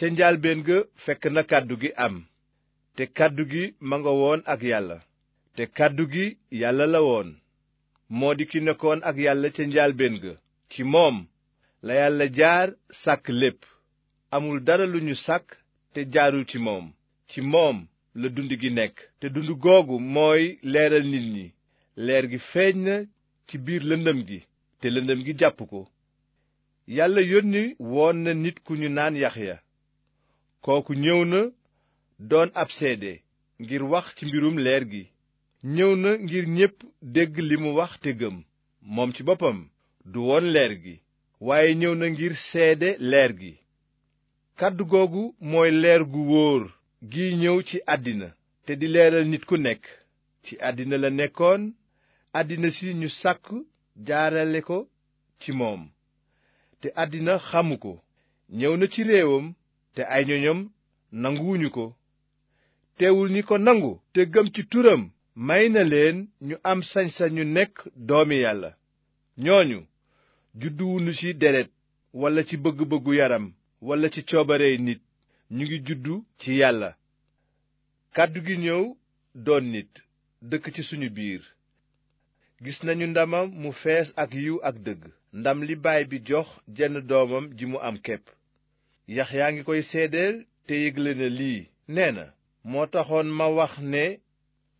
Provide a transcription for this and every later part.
ca njaalbéen ga fekk na kàddu gi am te kàddu gi ma nga woon ak yàlla te kàddu gi yàlla la woon moo di ki nekkoon ak yàlla ca njaalbéen ga ci moom la yàlla jaar sàkk lépp amul dara lu ñu sàkk te jaarul ci moom ci moom la dund gi nekk te dund googu mooy leeral nit ñi leer gi feeñ na ci biir lëndëm gi te lëndëm gi jàpp ko yàlla yónni woon na nit ku ñu naan yax ya kooku ñëw na doon ab seede ngir wax ci mbirum leer gi ñëw na ngir ñépp dégg li mu wax te moom ci boppam du woon leer gi waaye ñëw na ngir seede leer gi kàddu googu mooy leer gu wóor gi ñëw ci àddina te di leeral nit ku nekk ci àddina la nekkoon àddina si ñu sàkk jaarale ko ci moom te àddina xamu ko ñëw na ci réewam te ay ñoñom nanguwuñu ko teewul ñi ko nangu te gëm ci turam may na leen ñu am sañ-sañu nekk doomi yàlla ñooñu judduwuñu ci deret walla ci bëgg-bëggu yaram walla ci coobarey nit ñu ngi juddu ci yàlla kàddu gi ñëw doon nit dëkk ci suñu biir gis nañu ndamam mu fees ak yiw ak dëgg ndam li baay bi jox jenn doomam ji mu am képp yaa ngi koy seede te yëgle na lii nee na moo taxoon ma wax ne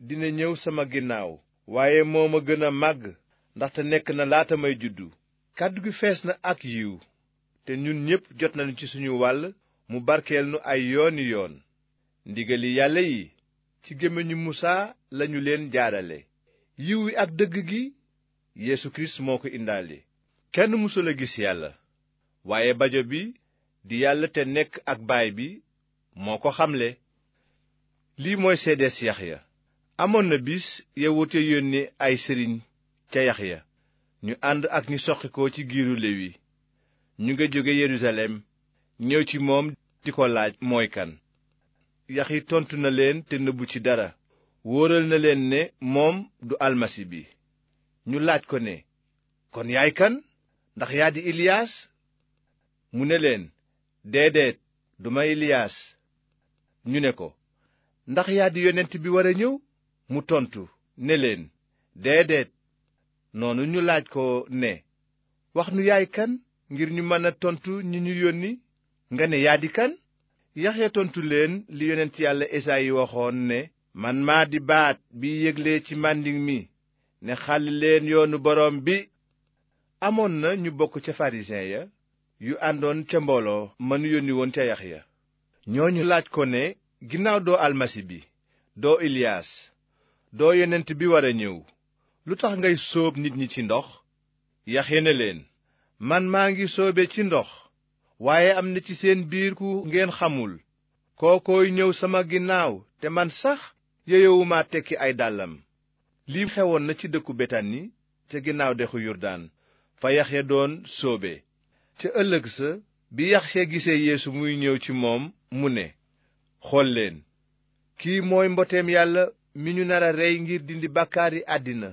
dina ñëw sama ginnaaw waaye moo ma gën a màgg ndaxte nekk na laata may juddu kàddu gi fees na ak yiw te ñun ñépp jot nañu ci suñu wàll mu barkeel nu ay yooni yoon ndigali yàlla yi ci gémmiñu musaa lañu leen jaarale yiw wi ak dëgg gi yéesu Kirist moo ko indaale kenn mësul a gis yàlla waaye bajo bi di yàlla te nekk ak baay bi moo ko xamle lii mooy seedees ya amoon na bis yawut ya yónni ay sëriñ ca ya ñu ànd ak ñu soqi ko ci giiru lewi ñu ngi jóge yerusalem ñëw ci moom di ko laaj mooy kan yi tontu na leen te nëbbu ci dara wóoral na leen ne moom du almasi bi ñu laaj ko ne kon yaay kan ndax yaa di iliyaas mu ne leen déedéet duma iliyaas ñu ne ko ndax yaa di yonent bi war a ñëw mu tontu ne leen déedéet noonu ñu laaj ko ne wax nu yaay kan ngir ñu mën a tontu ñi ñu yónni nga ne yaa di kan yaxya tontu leen li yonent yàlla esaayi waxoon ne man maa di baat bi yégle ci màndin mi ne xàll leen yoonu boroom bi amoon na ñu bokk ca farisiyen ya yu àndoon ca mbooloo ma nu yónni woon ca Yaxya ñooñu laaj ko ne ginnaaw doo almasi bi doo Iliyaas doo yonent bi war a ñëw lu tax ngay soob nit ñi ci ndox Yaxya ne leen man maa ngi sóobe ci ndox waaye am na ci seen biir ku ngeen xamul kookooy ñëw sama ginnaaw te man sax yeyowumaa tekki ay dàllam lii xewoon na ci dëkku betani ca ginnaaw dexu yurdaan fa Yaxya doon sóobe ca ëllëg sa bi see gisee yéesu muy ñëw ci moom mu ne xool leen kii mooy mboteem yàlla mi ñu nar a rey ngir dindi bàkkaar àddina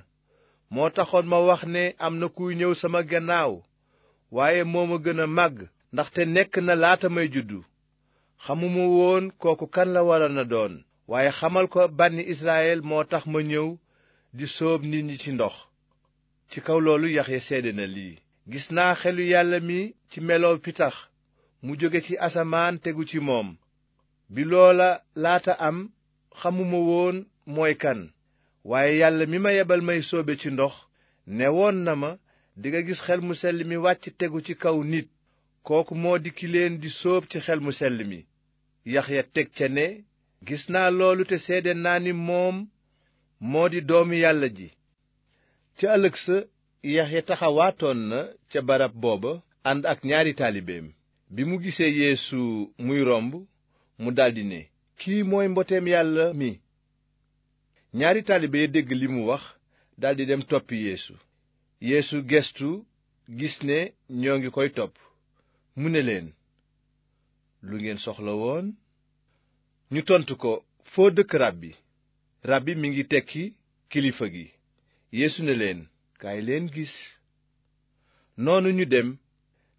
moo taxoon ma wax ne am na kuy ñëw sama gannaaw waaye moo ma gën a màgg ndaxte nekk na laata may juddu xamuma woon kooku kan la waroon na doon waaye xamal ko bànni Israyel moo tax ma ñëw di sóob nit ñi ci ndox ci kaw loolu Yaxya seede na lii gis naa xelu yàlla mi ci melow pitax mu jóge ci asamaan tegu ci moom bi loola laata am xamuma woon mooy kan waaye yàlla mi ma yebal may soobe ci ndox ne woon na ma dinga gis xel mu sell mi wàcc tegu ci kaw nit kooku moo di kileen leen di sóob ci xel mu sell mi yax ya teg ca ne gis naa loolu te seede naa ni moom moo di doom yàlla ji ca ëllëg sa yax yaxya taxawaatoon na ca barab booba ànd ak ñaari taalibeem bi mu gisee yéesu muy romb mu daldi ne kii mooy mboteem yàlla mi ñaari taalibe ya dégg li mu wax daldi dem toppi yeesu yéesu gestu gis ne ñoo ngi koy topp mu ne leen lu ngeen soxla woon ñu tontu ko foo dëkk ràbbi ràbbi mi ngi tekki kilifa gi yeesu ne leen kaay leen gis noonu ñu dem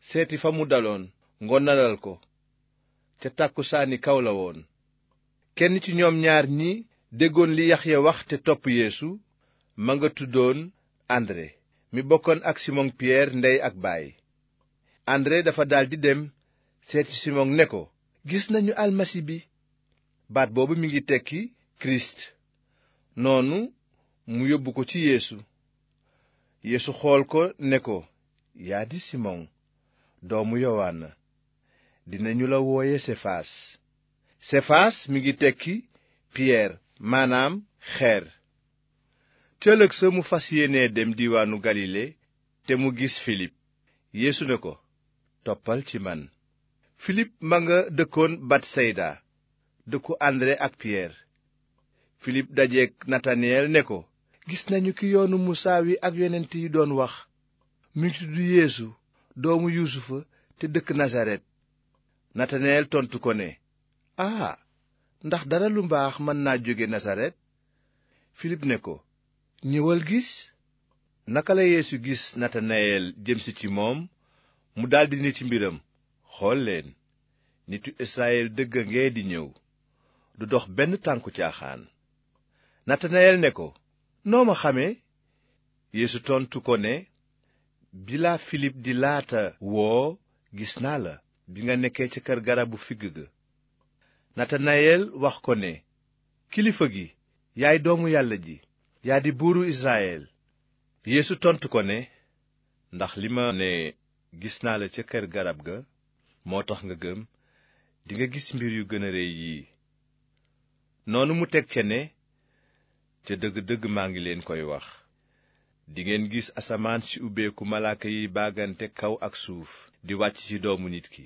seeti fa mu daloon ngonalal ko ca sànni kaw la woon kenn ci ñoom ñaar ñi déggoon li Yaxya wax te topp yéesu ma nga tuddoon André mi bokkoon ak Simon Pierre ndey ak baay André dafa daldi dem seeti Simon ne ko gis nañu almasi bi baat boobu mi ngi tekki Kirist noonu mu yóbbu ko ci yéesu yeesu xool ko ne ko yaadi simon simoŋ doomu yowaana dinañu la wooye sefaas sefaas mu ngi tekki piyeer maanaam xeer ca ëllëg sa mu fas yéene dem diiwaanu galile te mu gis filip yeesu ne ko toppal ci man filip ma nga dëkkoon batsayda dëkku andre ak piyeer filip dajeek nataniyel ne ko gis nañu ki yoonu musaa wi ak yonent yi doon wax mi ngi tudd yeesu doomu yuusufa te dëkk nasaret natanayel tontu ko ne aa ndax dara lu mbaax mën naa jóge nasaret filip ne ko ñëwal gis naka la yéesu gis natanayel jëmsi ci moom mu daldi ni ci mbiram xool leen nitu israyil dëgg a ngee di ñëw du dox benn tànku caaxaan natanayel ne ko noo ma xamee yeesu tontu ko ne bilaa la filip di laata woo gis naa la bi nga nekkee ca kër garabu figg ga natanayel wax ko ne kilifa gi yaay doomu yàlla ji yaa di buuru israyel yeesu tontu ko ne ndax li ma ne gis naa la ca kër garab ga moo tax nga gëm dinga gis mbir yu gën a yii noonu mu teg ca ne te dëgg-dëgg maa ngi leen koy wax dingeen gis asamaan si ubbeeku malaaka yi bàggante kaw ak suuf di wàcc ci doomu nit ki